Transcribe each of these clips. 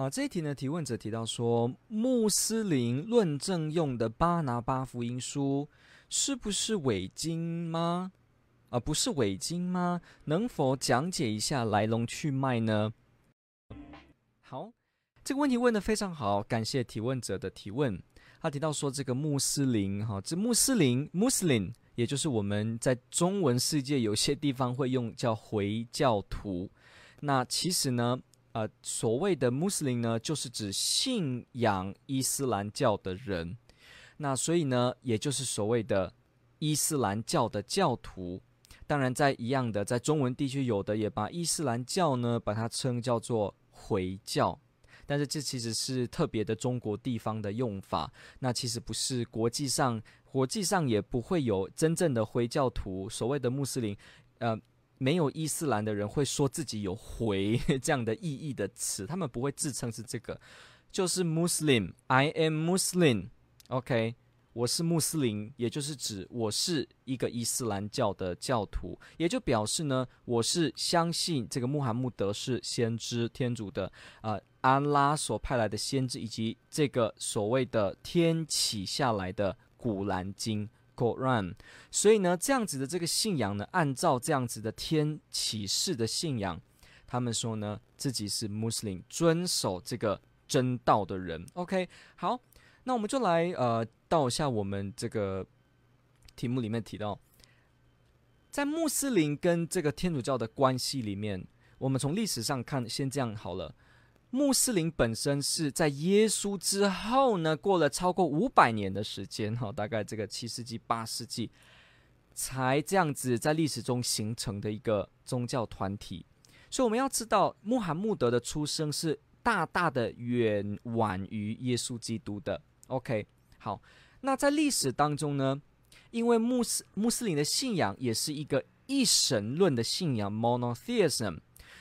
啊，這一題呢，提問者提到說，穆斯林論證用的巴拿巴福音書是不是偽經嗎？啊，不是偽經嗎？能否講解一下來龍去脈呢？好，這個問題問得非常好，感謝提問者的提問。他提到說，這個穆斯林，哈、啊，這穆斯林 （Muslim），也就是我們在中文世界有些地方會用叫回教徒。那其實呢？呃，所謂的穆斯林呢，就是指信仰伊斯蘭教的人。那所以呢，也就是所謂的伊斯蘭教的教徒。當然，在一樣的在中文地區，有的也把伊斯蘭教呢，把它稱叫做回教。但是這其實是特別的中國地方的用法，那其實不是國際上，國際上也不會有真正的回教徒。所謂的穆斯林，呃，沒有伊斯蘭的人會說自己有“回”這樣的意義的詞，他們不會自稱是這個，就是 Muslim。I am Muslim。OK，我是穆斯林，也就是指我是一個伊斯蘭教的教徒，也就表示呢，我是相信這個穆罕默德是先知、天主的呃安拉所派來的先知，以及這個所謂的天啟下來的古蘭經。r 所以呢，這樣子的這個信仰呢，按照這樣子的天啟示的信仰，他們說呢，自己是穆斯林，遵守這個真道的人。OK，好，那我們就來呃，到一下我們這個題目裡面提到，在穆斯林跟這個天主教的關係裡面，我們從歷史上看，先這樣好了。穆斯林本身是在耶穌之後呢，過了超過五百年的時間哈、哦，大概這個七世紀、八世紀才這樣子在歷史中形成的一個宗教團體。所以我們要知道，穆罕默德的出生是大大的遠晚於耶穌基督的。OK，好，那在歷史當中呢，因為穆斯穆斯林的信仰也是一個一神論的信仰 （monotheism），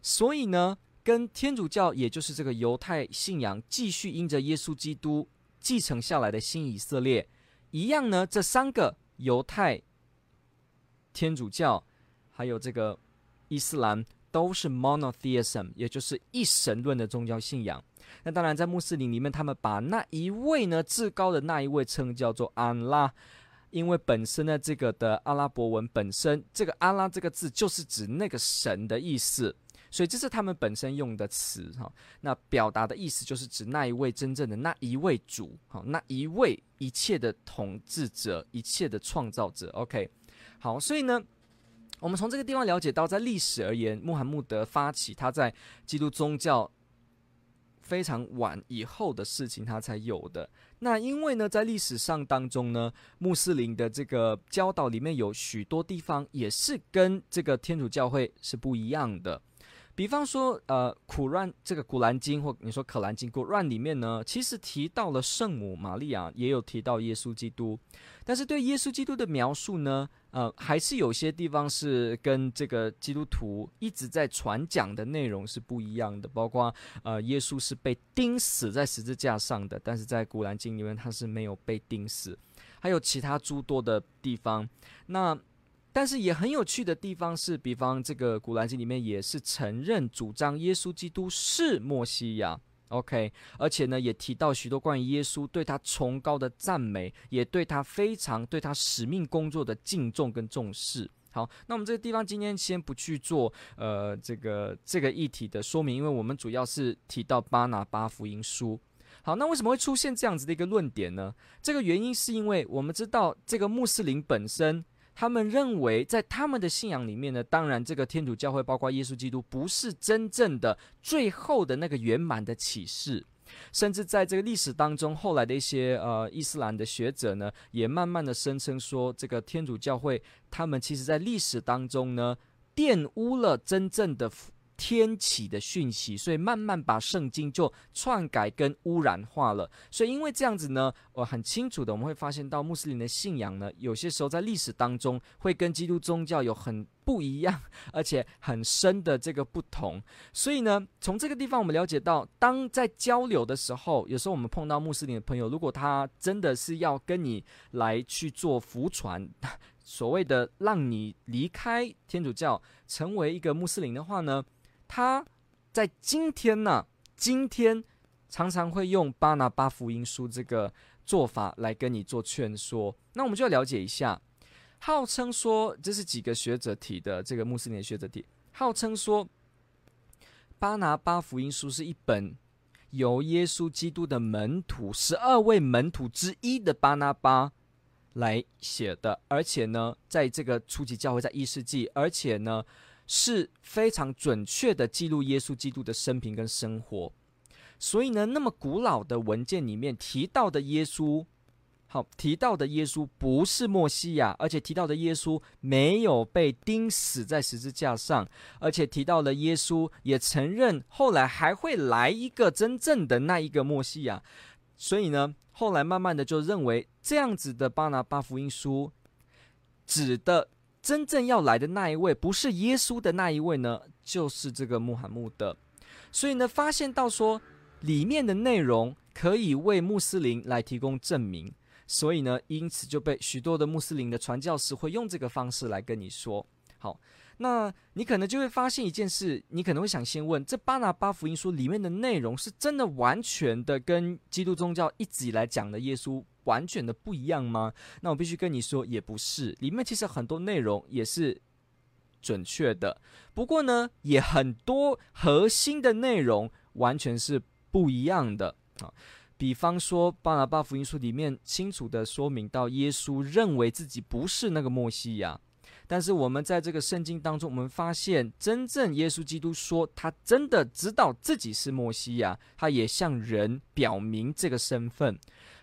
所以呢。跟天主教，也就是這個猶太信仰，繼續因着耶穌基督繼承下來的新以色列一樣呢，這三個猶太、天主教，還有這個伊斯蘭，都是 monotheism，也就是一神論的宗教信仰。那當然，在穆斯林裡面，他們把那一位呢，至高的那一位，稱叫做安拉，因為本身呢，這個的阿拉伯文本身，這個安拉這個字，就是指那個神的意思。所以這是他們本身用的詞哈，那表達的意思就是指那一位真正的那一位主哈，那一位一切的統治者，一切的創造者。OK，好，所以呢，我們從這個地方了解到，在歷史而言，穆罕默德發起他在基督宗教非常晚以後的事情，他才有的。那因為呢，在歷史上當中呢，穆斯林的這個教導裡面有許多地方也是跟這個天主教會是不一樣的。比方說，呃，古蘭這個《古蘭經》或你說《可蘭經》，古蘭裡面呢，其實提到了聖母瑪利亞，也有提到耶穌基督，但是對耶穌基督的描述呢，呃，還是有些地方是跟這個基督徒一直在傳講的內容是不一樣的，包括呃，耶穌是被釘死在十字架上的，但是在《古蘭經》裡面他是沒有被釘死，還有其他諸多的地方，那。但是也很有趣的地方是，比方這個《古蘭經》裡面也是承認主張耶穌基督是默西亞，OK，而且呢也提到許多關於耶穌對他崇高的讚美，也對他非常對他使命工作的敬重跟重視。好，那我們這個地方今天先不去做呃這個這個議題的說明，因為我們主要是提到巴拿巴福音書。好，那為什麼會出現這樣子的一個論點呢？這個原因是因為我們知道這個穆斯林本身。他們認為，在他們的信仰裡面呢，當然這個天主教會包括耶穌基督不是真正的最後的那個圓滿的啟示，甚至在這個歷史當中，後來的一些呃伊斯蘭的學者呢，也慢慢的聲稱說，這個天主教會他們其實在歷史當中呢，玷汙了真正的天啟的訊息，所以慢慢把聖經就篡改跟污染化了。所以因為這樣子呢，我很清楚的，我們會發現到穆斯林的信仰呢，有些時候在歷史當中會跟基督宗教有很不一樣，而且很深的這個不同。所以呢，從這個地方我們了解到，當在交流的時候，有時候我們碰到穆斯林的朋友，如果他真的是要跟你來去做福傳，所謂的讓你離開天主教，成為一個穆斯林的話呢，他，在今天呢、啊，今天常常會用《巴拿巴福音書》這個做法來跟你做勸說。那我們就要了解一下，號稱說這是幾個學者提的，這個穆斯林學者提，號稱說《巴拿巴福音書》是一本由耶穌基督的門徒十二位門徒之一的巴拿巴來寫的，而且呢，在這個初期教會，在一世紀，而且呢。是非常準確的記錄耶穌基督的生平跟生活，所以呢，那麼古老的文件裡面提到的耶穌，好，提到的耶穌不是默西亞，而且提到的耶穌沒有被釘死在十字架上，而且提到了耶穌也承認後來還會來一個真正的那一個默西亞，所以呢，後來慢慢的就認為這樣子的巴拿巴福音書指的。真正要來的那一位，不是耶穌的那一位呢，就是這個穆罕默德。所以呢，發現到說裡面的內容可以為穆斯林來提供證明。所以呢，因此就被許多的穆斯林的傳教士會用這個方式來跟你說。好，那你可能就會發現一件事，你可能會想先問：這巴拿巴福音書裡面的內容是真的完全的跟基督宗教一直以來講的耶穌？完全的不一樣嗎？那我必須跟你說，也不是。裡面其實很多內容也是準確的，不過呢，也很多核心的內容完全是不一樣的啊。比方說，《巴拿巴福音書》裡面清楚的說明到，耶穌認為自己不是那個默西亞，但是我們在這個聖經當中，我們發現，真正耶穌基督說，他真的知道自己是默西亞，他也向人表明這個身份。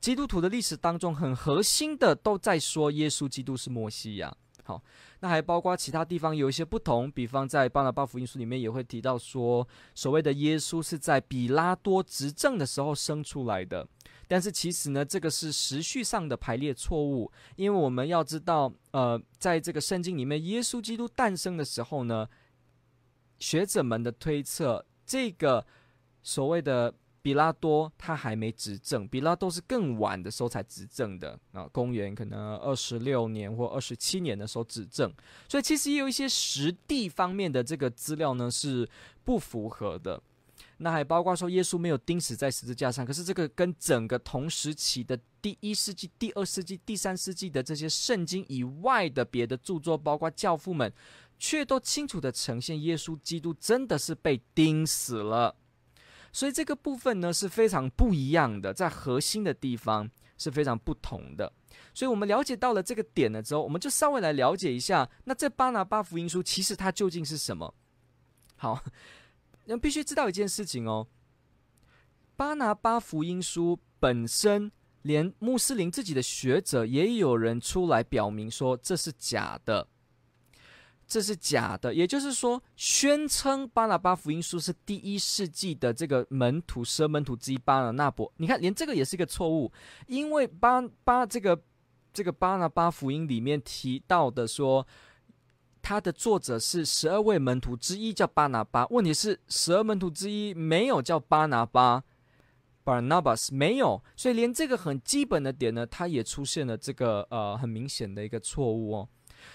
基督徒的歷史當中，很核心的都在說耶穌基督是默西亞。好，那還包括其他地方有一些不同，比方在《巴拿巴福音書》裡面也會提到說，所謂的耶穌是在比拉多執政的時候生出來的。但是其實呢，這個是時序上的排列錯誤，因為我們要知道，呃，在這個聖經裡面，耶穌基督誕生的時候呢，學者們的推測，這個所謂的。比拉多他還沒執政，比拉多是更晚的時候才執政的啊，公元可能二十六年或二十七年的時候執政，所以其實也有一些實地方面的這個資料呢是不符合的。那還包括說耶穌沒有釘死在十字架上，可是這個跟整個同時期的第一世紀、第二世紀、第三世紀的這些聖經以外的別的著作，包括教父們，卻都清楚地呈現耶穌基督真的是被釘死了。所以這個部分呢是非常不一樣的，在核心的地方是非常不同的。所以，我們了解到了這個點了之後，我們就稍微來了解一下。那這巴拿巴福音書其實它究竟是什麼？好，那必須知道一件事情哦，巴拿巴福音書本身，連穆斯林自己的學者也有人出來表明說這是假的。這是假的，也就是說，宣稱巴拿巴福音書是第一世紀的這個門徒十二門徒之一巴拿那伯，你看，連這個也是一個錯誤，因為巴巴這個這個巴拿巴福音裡面提到的說，他的作者是十二位門徒之一叫巴拿巴，問題是十二門徒之一沒有叫巴拿巴，巴拿巴是沒有，所以連這個很基本的點呢，他也出現了這個呃很明顯的一個錯誤哦，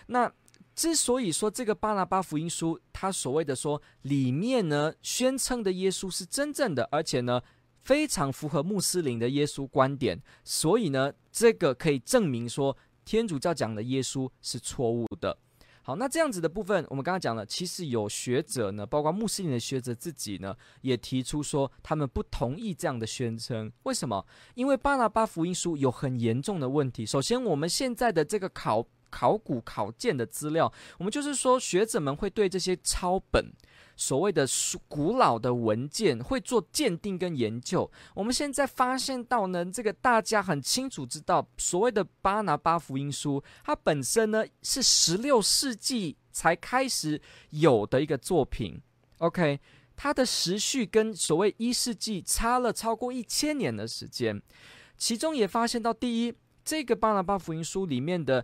那。之所以說這個巴拿巴福音書，它所謂的說裡面呢宣稱的耶穌是真正的，而且呢非常符合穆斯林的耶穌觀點，所以呢這個可以證明說天主教講的耶穌是錯誤的。好，那這樣子的部分我們剛剛講了，其實有學者呢，包括穆斯林的學者自己呢也提出說他們不同意這樣的宣稱。為什麼？因為巴拿巴福音書有很嚴重的問題。首先，我們現在的這個考考古考鑒的資料，我們就是說，學者們會對這些抄本，所謂的古老的文件，會做鑒定跟研究。我們現在發現到呢，這個大家很清楚知道，所謂的巴拿巴福音書，它本身呢是十六世紀才開始有的一個作品。OK，它的時序跟所謂一世紀差了超過一千年的時間，其中也發現到，第一，這個巴拿巴福音書裡面的。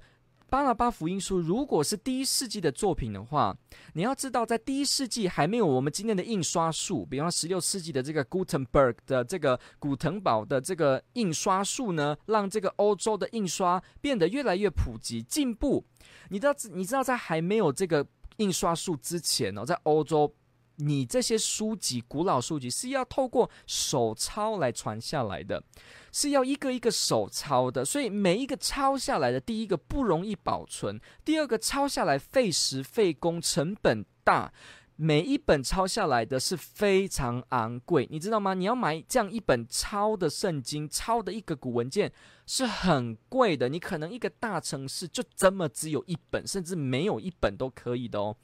《巴拿巴福音書》如果是第一世紀的作品的話，你要知道，在第一世紀還沒有我們今天的印刷術，比方十六世紀的這個 Gutenberg 的這個古騰堡的這個印刷術呢，讓這個歐洲的印刷變得越來越普及、進步。你知道，你知道在還沒有這個印刷術之前呢、哦，在歐洲。你這些書籍，古老書籍是要透過手抄來傳下來的，是要一個一個手抄的，所以每一個抄下來的，第一個不容易保存，第二個抄下來費時費工，成本大。每一本抄下來的是非常昂貴，你知道嗎？你要買這樣一本抄的聖經，抄的一個古文件是很貴的。你可能一個大城市就這麼只有一本，甚至沒有一本都可以的哦。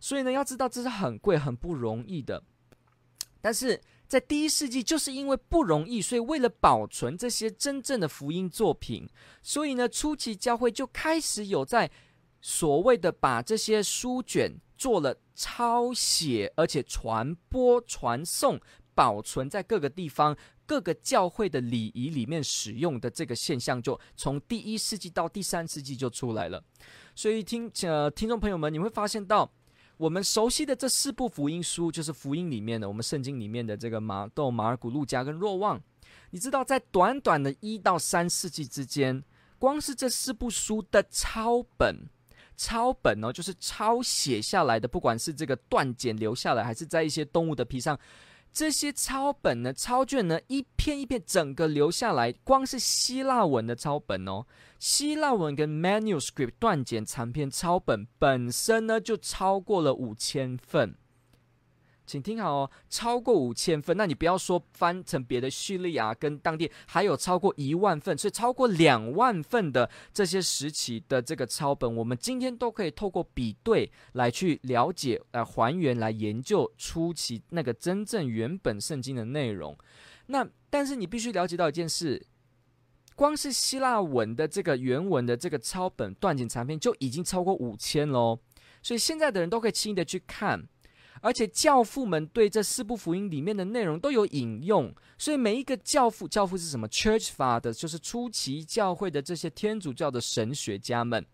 所以呢，要知道這是很貴、很不容易的。但是在第一世紀，就是因為不容易，所以為了保存這些真正的福音作品，所以呢，初期教會就開始有在所謂的把這些書卷。做了抄寫，而且傳播、傳送、保存在各個地方、各個教會的禮儀裡面使用的這個現象，就從第一世紀到第三世紀就出來了。所以聽呃，聽眾朋友們，你會發現到我們熟悉的這四部福音書，就是福音裡面的我們聖經裡面的這個馬竇、瑪爾谷、路加跟若望，你知道在短短的一到三世紀之間，光是這四部書的抄本，抄本哦，就是抄寫下來的，不管是這個斷簡留下來，還是在一些動物的皮上，這些抄本呢、抄卷呢，一篇一篇整個留下來，光是希臘文的抄本哦，希臘文跟 manuscript 斷簡長篇抄本本身呢，就超過了五千份。請聽好哦，超過五千份，那你不要說翻成別的敘利亞、啊、跟當地，還有超過一萬份，所以超過兩萬份的這些時期的這個抄本，我們今天都可以透過比對來去了解、來、呃、還原、來研究出其那個真正原本聖經的內容。那但是你必須了解到一件事，光是希臘文的這個原文的這個抄本斷簡殘片就已經超過五千嘍，所以現在的人都可以輕易的去看。而且教父們對這四部福音裡面的內容都有引用，所以每一個教父，教父是什麼？Church Father，就是初期教會的這些天主教的神學家們，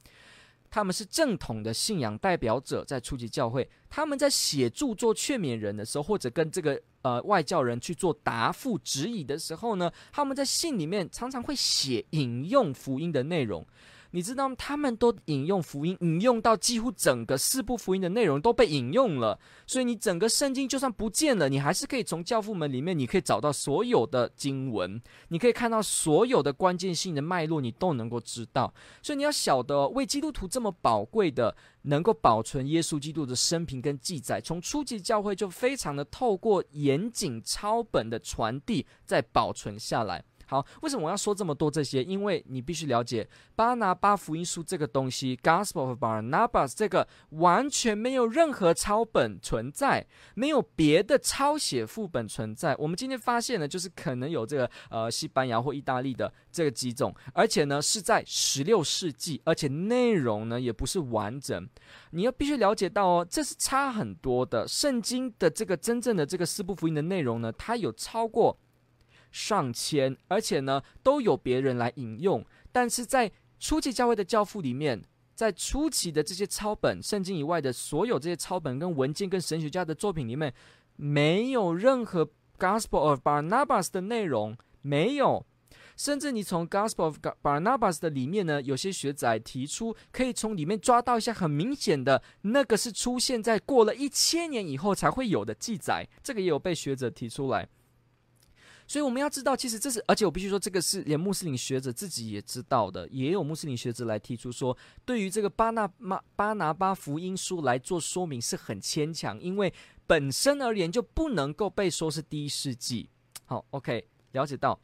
他們是正統的信仰代表者，在初期教會，他們在寫著作勸勉人的時候，或者跟這個呃外教人去做答覆指引的時候呢，他們在信裡面常常會寫引用福音的內容。你知道他們都引用福音，引用到幾乎整個四部福音的內容都被引用了。所以你整個聖經就算不見了，你還是可以從教父們裡面，你可以找到所有的經文，你可以看到所有的關鍵性的脈絡，你都能夠知道。所以你要曉得哦，為基督徒這麼寶貴的，能夠保存耶穌基督的生平跟記載，從初級教會就非常的透過嚴謹抄本的傳遞，再保存下來。好，為什麼我要說這麼多這些？因為你必須了解《巴拿巴福音書》這個東西，《Gospel of Barnabas》這個完全沒有任何抄本存在，沒有別的抄寫副本存在。我們今天發現呢，就是可能有這個呃西班牙或意大利的這個幾種，而且呢是在十六世紀，而且內容呢也不是完整。你要必須了解到哦，這是差很多的。聖經的這個真正的這個四部福音的內容呢，它有超過。上千，而且呢，都有別人來引用。但是在初期教會的教父裡面，在初期的這些抄本、聖經以外的所有這些抄本跟文件、跟神學家的作品裡面，沒有任何《Gospel of Barnabas》的內容，沒有。甚至你從《Gospel of Barnabas》的裡面呢，有些學者提出可以從裡面抓到一些很明顯的，那個是出現在過了一千年以後才會有的記載，這個也有被學者提出來。所以我們要知道，其實這是，而且我必須說，這個是連穆斯林學者自己也知道的，也有穆斯林學者來提出說，對於這個巴拿馬巴拿巴福音書來做說明是很牽強，因為本身而言就不能夠被說是第一世紀。好，OK，了解到，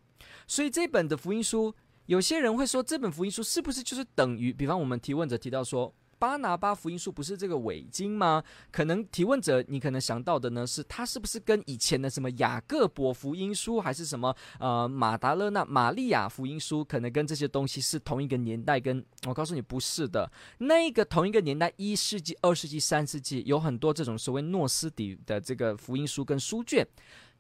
所以這本的福音書，有些人會說，這本福音書是不是就是等於，比方我們提問者提到說。巴拿巴福音書不是這個偽經嗎？可能提問者你可能想到的呢，是它是不是跟以前的什麼雅各伯福音書，還是什麼呃瑪達肋納瑪利亞福音書，可能跟這些東西是同一個年代跟？跟我告訴你，不是的。那個同一個年代，一世紀、二世紀、三世紀，有很多這種所謂諾斯底的這個福音書跟書卷。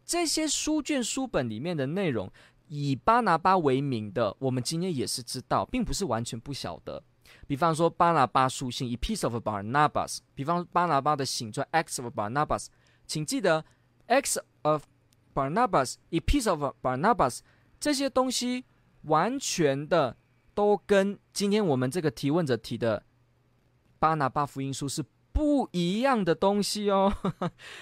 這些書卷書本裡面的內容，以巴拿巴為名的，我們今天也是知道，並不是完全不曉得。比方說巴拿巴書信，Epistle of Barnabas；比方巴拿巴的信，a x of Barnabas。請記得，x of Barnabas，Epistle of Barnabas，這些東西完全的都跟今天我們這個提問者提的巴拿巴福音書是不一樣的東西哦。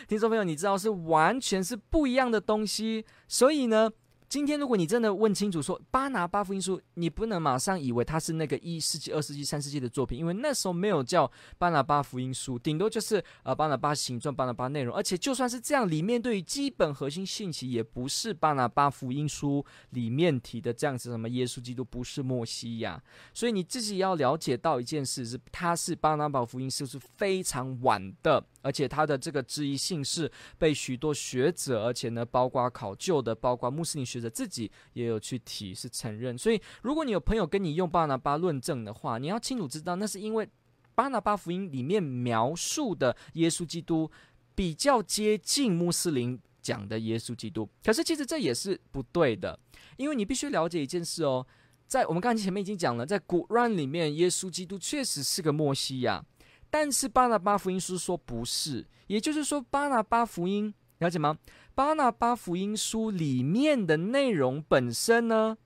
聽眾朋友，你知道是完全是不一樣的東西，所以呢。今天如果你真的問清楚說巴拿巴福音書，你不能馬上以為它是那個一世紀、二世紀、三世紀的作品，因為那時候沒有叫巴拿巴福音書，頂多就是呃巴拿巴形狀、巴拿巴內容。而且就算是這樣，裡面對於基本核心信息也不是巴拿巴福音書裡面提的這樣子，什麼耶穌基督不是默西亞。所以你自己要了解到一件事是，它是巴拿巴福音書是非常晚的，而且它的這個質疑性是被許多學者，而且呢包括考究的，包括穆斯林學。自己也有去提，是承認。所以，如果你有朋友跟你用巴拿巴論證的話，你要清楚知道，那是因為巴拿巴福音裡面描述的耶穌基督比較接近穆斯林講的耶穌基督。可是，其實這也是不對的，因為你必須了解一件事哦，在我們剛才前面已經講了，在古蘭裡面，耶穌基督確實是個默西亞，但是巴拿巴福音書說不是，也就是說，巴拿巴福音。了解嗎？巴拿巴福音書裡面的內容本身呢，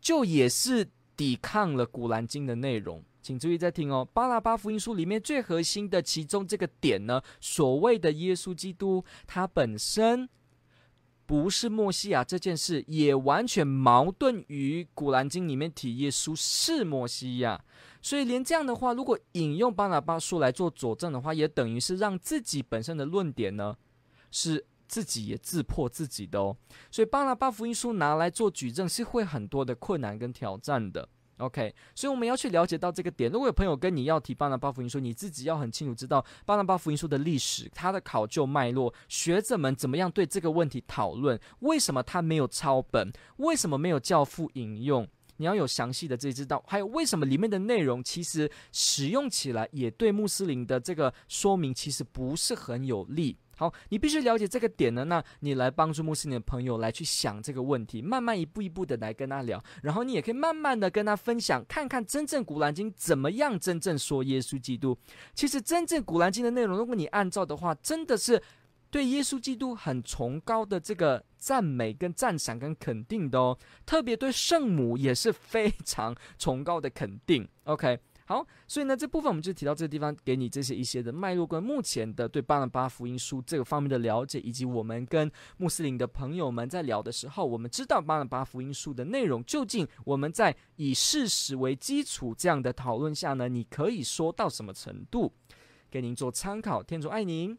就也是抵抗了《古蘭經》的內容。請注意再聽哦。巴拿巴福音書裡面最核心的其中這個點呢，所謂的耶穌基督，他本身不是默西亞這件事，也完全矛盾於《古蘭經》裡面提耶穌是默西亞。所以，連這樣的話，如果引用巴拿巴書來做佐證的話，也等於是讓自己本身的論點呢。是自己也自破自己的哦，所以《巴拿巴福音書》拿來做舉證是會很多的困難跟挑戰的。OK，所以我們要去了解到這個點。如果有朋友跟你要提《巴拿巴福音書》，你自己要很清楚知道《巴拿巴福音書》的歷史、它的考究脈絡、學者們怎麼樣對這個問題討論、為什麼它沒有抄本、為什麼沒有教父引用，你要有詳細的這知道。還有為什麼裡面的內容其實使用起來也對穆斯林的這個說明其實不是很有利。好，你必須了解這個點呢。那你來幫助穆斯林的朋友來去想這個問題，慢慢一步一步的來跟他聊，然後你也可以慢慢的跟他分享，看看真正《古蘭經》怎麼樣真正說耶穌基督。其實真正《古蘭經》的內容，如果你按照的話，真的是對耶穌基督很崇高的這個讚美跟讚賞跟肯定的哦。特別對聖母也是非常崇高的肯定。OK。好，所以呢，這部分我們就提到這個地方，給你這些一些的脈絡跟目前的對巴拿巴福音書這個方面的了解，以及我們跟穆斯林的朋友們在聊的時候，我們知道巴拿巴福音書的內容，究竟我們在以事實為基礎這樣的討論下呢，你可以說到什麼程度，給您做參考。天主愛您。